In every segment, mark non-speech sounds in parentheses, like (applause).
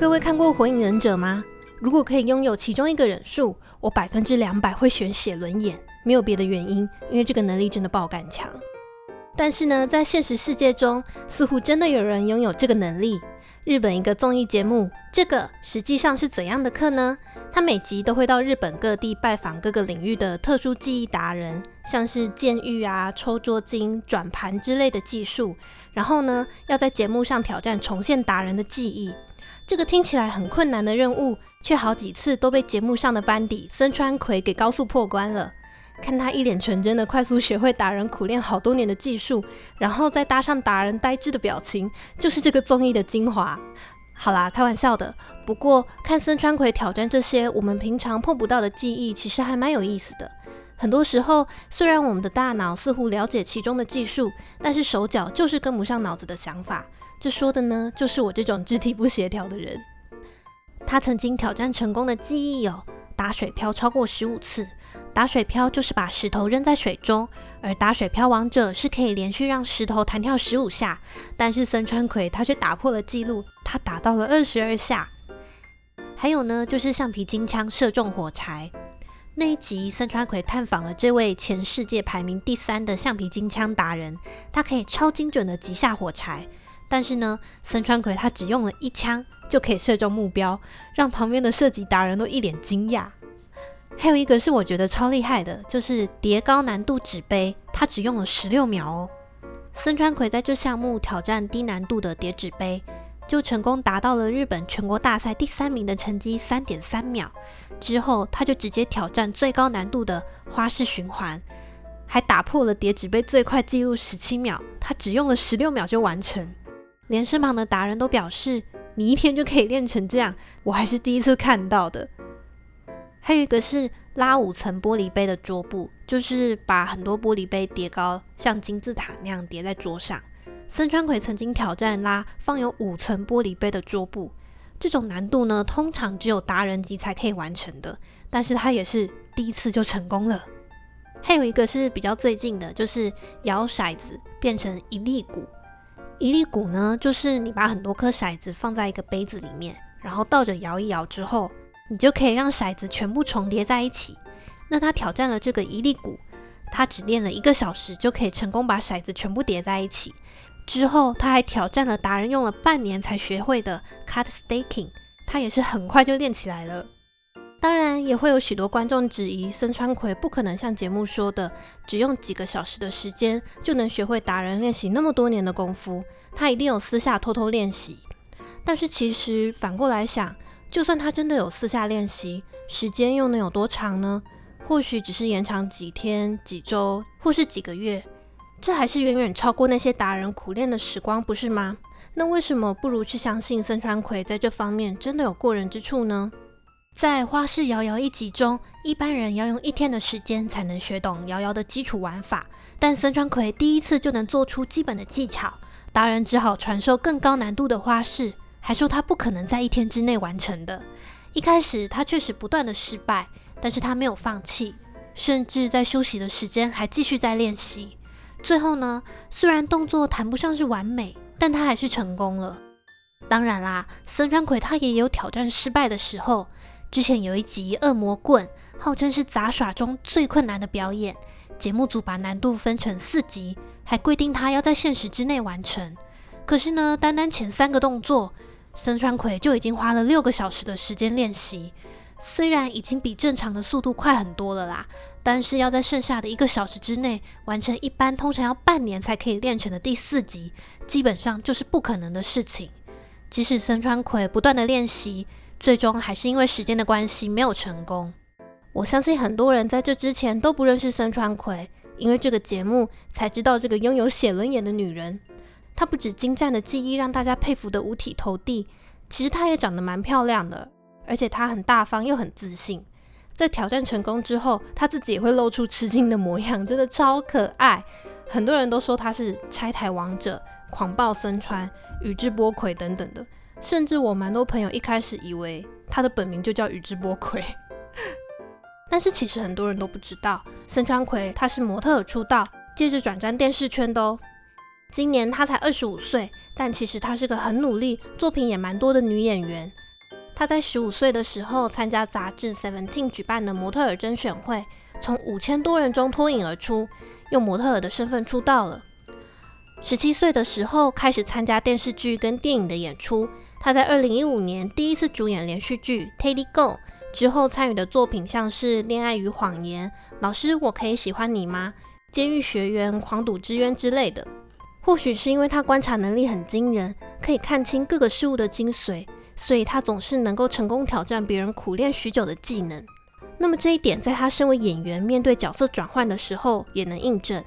各位看過《火影忍者》嗎？如果可以擁有其中一個忍術，我百分之兩百會選血輪眼，沒有別的原因，因為這個能力真的爆幹強。但是呢，在現實世界中，似乎真的有人擁有這個能力。日本一個綜藝節目，這個實際上是怎樣的課呢？它每集都會到日本各地拜訪各個領域的特殊技藝達人，像是劍玉啊、抽桌巾、轉盤之類的技術，然後呢，要在節目上挑戰重現達人的技藝。這個聽起來很困難的任務，卻好幾次都被節目上的班底森川葵給高速破關了。看他一臉純真的快速學會達人苦練好多年的技術，然後再搭上達人呆滯的表情，就是這個綜藝的精華。好啦，開玩笑的。不過看森川葵挑戰這些我們平常碰不到的技藝，其實還蠻有意思的。很多時候，雖然我們的大腦似乎了解其中的技術，但是手腳就是跟不上腦子的想法。這說的呢，就是我這種肢體不協調的人。他曾經挑戰成功的記憶有、哦、打水漂超過十五次，打水漂就是把石頭扔在水中，而打水漂王者是可以連續讓石頭彈跳十五下。但是森川葵他卻打破了記錄，他打到了二十二下。還有呢，就是橡皮筋槍射中火柴。這一集森川葵探訪了這位前世界排名第三的橡皮筋槍達人，他可以超精準的擊下火柴。但是呢，森川葵他只用了一槍就可以射中目標，讓旁邊的射擊達人都一臉驚訝。還有一個是我覺得超厲害的，就是疊高難度紙杯，他只用了十六秒哦。森川葵在這項目挑戰低難度的疊紙杯，就成功達到了日本全國大賽第三名的成績，三點三秒。之後，他就直接挑戰最高難度的花式循環，還打破了疊紙杯最快記錄十七秒，他只用了十六秒就完成。連身旁的達人都表示：“你一天就可以練成這樣，我還是第一次看到的。”還有一個是拉五層玻璃杯的桌布，就是把很多玻璃杯疊高，像金字塔那樣疊在桌上。森川葵曾經挑戰拉放有五層玻璃杯的桌布，這種難度呢，通常只有達人級才可以完成的，但是他也是第一次就成功了。還有一個是比較最近的，就是搖骰子變成一粒骨。一粒骨呢，就是你把很多顆骰子放在一個杯子裡面，然後倒着搖一搖之後，你就可以讓骰子全部重疊在一起。那他挑戰了這個一粒骨，他只練了一個小時就可以成功把骰子全部疊在一起。之後，他還挑戰了達人用了半年才學會的 cut staking，他也是很快就練起來了。當然，也會有許多觀眾質疑森川葵不可能像節目說的，只用幾個小時的時間就能學會達人練習那麼多年的功夫，他一定有私下偷偷練習。但是，其實反過來想，就算他真的有私下練習，時間又能有多長呢？或許只是延長幾天、幾週，或是幾個月。這還是遠遠超過那些達人苦練的時光，不是嗎？那為什麼不如去相信森川葵在這方面真的有過人之處呢？在花式搖搖一集中，一般人要用一天的時間才能學懂搖搖的基礎玩法，但森川葵第一次就能做出基本的技巧，達人只好傳授更高難度的花式，還說他不可能在一天之內完成的。一開始他確實不斷地失敗，但是他沒有放棄，甚至在休息的時間還繼續在練習。最後呢，雖然動作談不上是完美，但他還是成功了。當然啦，森川葵他也有挑戰失敗的時候。之前有一集惡魔棍，號稱是雜耍中最困難的表演，節目組把難度分成四級，還規定他要在限時之內完成。可是呢，單單前三個動作，森川葵就已經花了六個小時的時間練習。雖然已經比正常的速度快很多了啦，但是要在剩下的一個小時之內完成一般通常要半年才可以練成的第四級，基本上就是不可能的事情。即使森川葵不斷的練習，最終還是因為時間的關係沒有成功。我相信很多人在這之前都不認識森川葵，因為這個節目才知道這個擁有寫輪眼的女人。她不止精湛的技藝讓大家佩服得五體投地，其實她也長得蠻漂亮的。而且他很大方又很自信，在挑戰成功之後，他自己也會露出吃驚的模樣，真的超可愛。很多人都說他是拆台王者、狂暴森川、宇智波葵等等的，甚至我蠻多朋友一開始以為他的本名就叫宇智波葵。 (laughs) 但是其實很多人都不知道，森川葵他是模特出道，接着轉戰電視圈的哦。今年他才二十五歲，但其實他是個很努力、作品也蠻多的女演員。他在十五歲的時候參加雜誌 Seventeen 舉辦的模特兒甄選會，從五千多人中脫穎而出，用模特兒的身份出道了。十七歲的時候開始參加電視劇跟電影的演出。他在二零一五年第一次主演連續劇《Teddy Go》之後參與的作品像是《戀愛與謊言》、《老師我可以喜歡你嗎》、《監獄學園》、《狂賭之淵》之類的。或許是因為他觀察能力很驚人，可以看清各個事物的精髓。所以她總是能夠成功挑戰別人苦練許久的技能。那麼這一點，在她身為演員面對角色轉換的時候也能印證。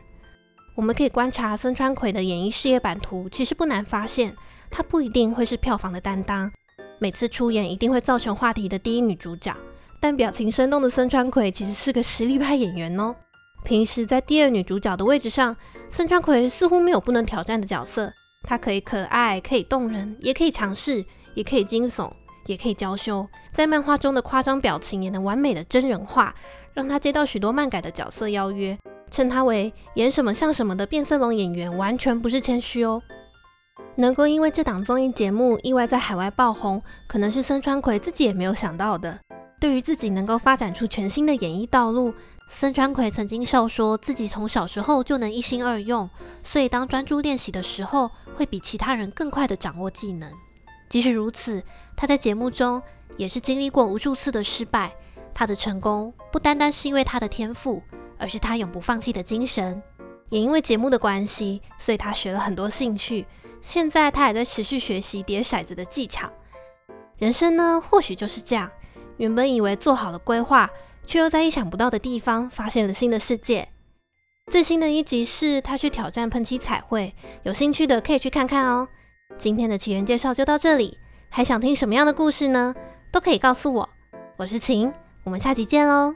我們可以觀察森川葵的演藝事業版圖，其實不難發現，她不一定會是票房的擔當，每次出演一定會造成話題的第一女主角。但表情生動的森川葵其實是個實力派演員哦、喔。平時在第二女主角的位置上，森川葵似乎沒有不能挑戰的角色。她可以可愛，可以動人，也可以嘗試。也可以驚悚，也可以嬌羞，在漫畫中的誇張表情也能完美的真人化，讓他接到許多漫改的角色邀約，稱他為演什麼像什麼的變色龍演員，完全不是謙虛哦。能夠因為這檔綜藝節目意外在海外爆紅，可能是森川葵自己也沒有想到的。對於自己能夠發展出全新的演藝道路，森川葵曾經笑說自己從小時候就能一心二用，所以當專注練習的時候，會比其他人更快地掌握技能。即使如此，他在節目中也是經歷過無數次的失敗。他的成功不單單是因為他的天賦，而是他永不放棄的精神。也因為節目的關係，所以他學了很多興趣。現在他還在持續學習疊骰子的技巧。人生呢，或許就是這樣，原本以為做好了規劃，卻又在意想不到的地方發現了新的世界。最新的一集是他去挑戰噴漆彩繪，有興趣的可以去看看哦。今天的奇人介紹就到這裡，還想聽什麼樣的故事呢？都可以告訴我。我是晴，我們下集見嘍。